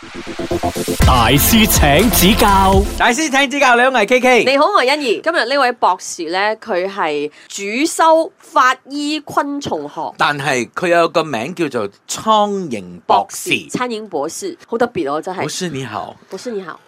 大師，大師請指教，大師請指教。兩位 K K，你好，我係，你好，我係欣兒。今日呢位博士呢，佢係主修法醫昆蟲學，但係佢有個名叫做蒼蠅博士。蒼蠅博士，好特別哦，真係。博士你好，博士你好。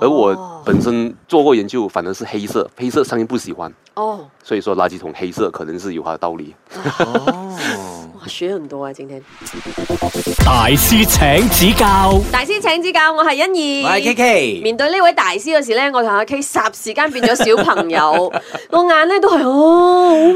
而我本身做過研究，反而是黑色，黑色上天不喜歡。哦、oh.，所以說垃圾桶黑色可能是有它的道理。哦，哇，學咁多啊，今天，啊，大師請指教，大師請指教，我係欣怡，我係 K K。面對呢位大師嗰時咧，我同阿 K 霎時間變咗小朋友，個 眼咧都係哦。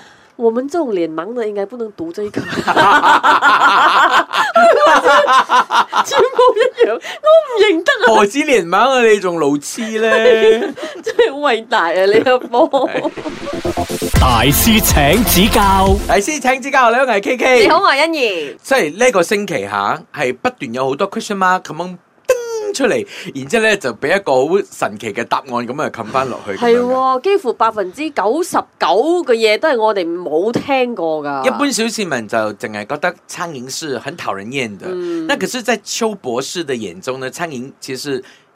我們這種臉盲的應該不能讀這一科 全部一樣，我唔認得啊，何止啊！我知臉盲，你仲老痴咧，真係好偉大啊！你個波 大師請指教，大師請指教，兩位 K K，你好，我係欣宜，即係呢個星期下係不斷有好多 question mark 出嚟，然之後咧就俾一個好神奇嘅答案咁啊，冚翻落去。係、哦，幾乎百分之九十九嘅嘢都係我哋冇聽過噶。一般小市民就淨係覺得蒼蠅是很討人厭的。嗯，那可是，在邱博士的眼中呢，蒼蠅其實。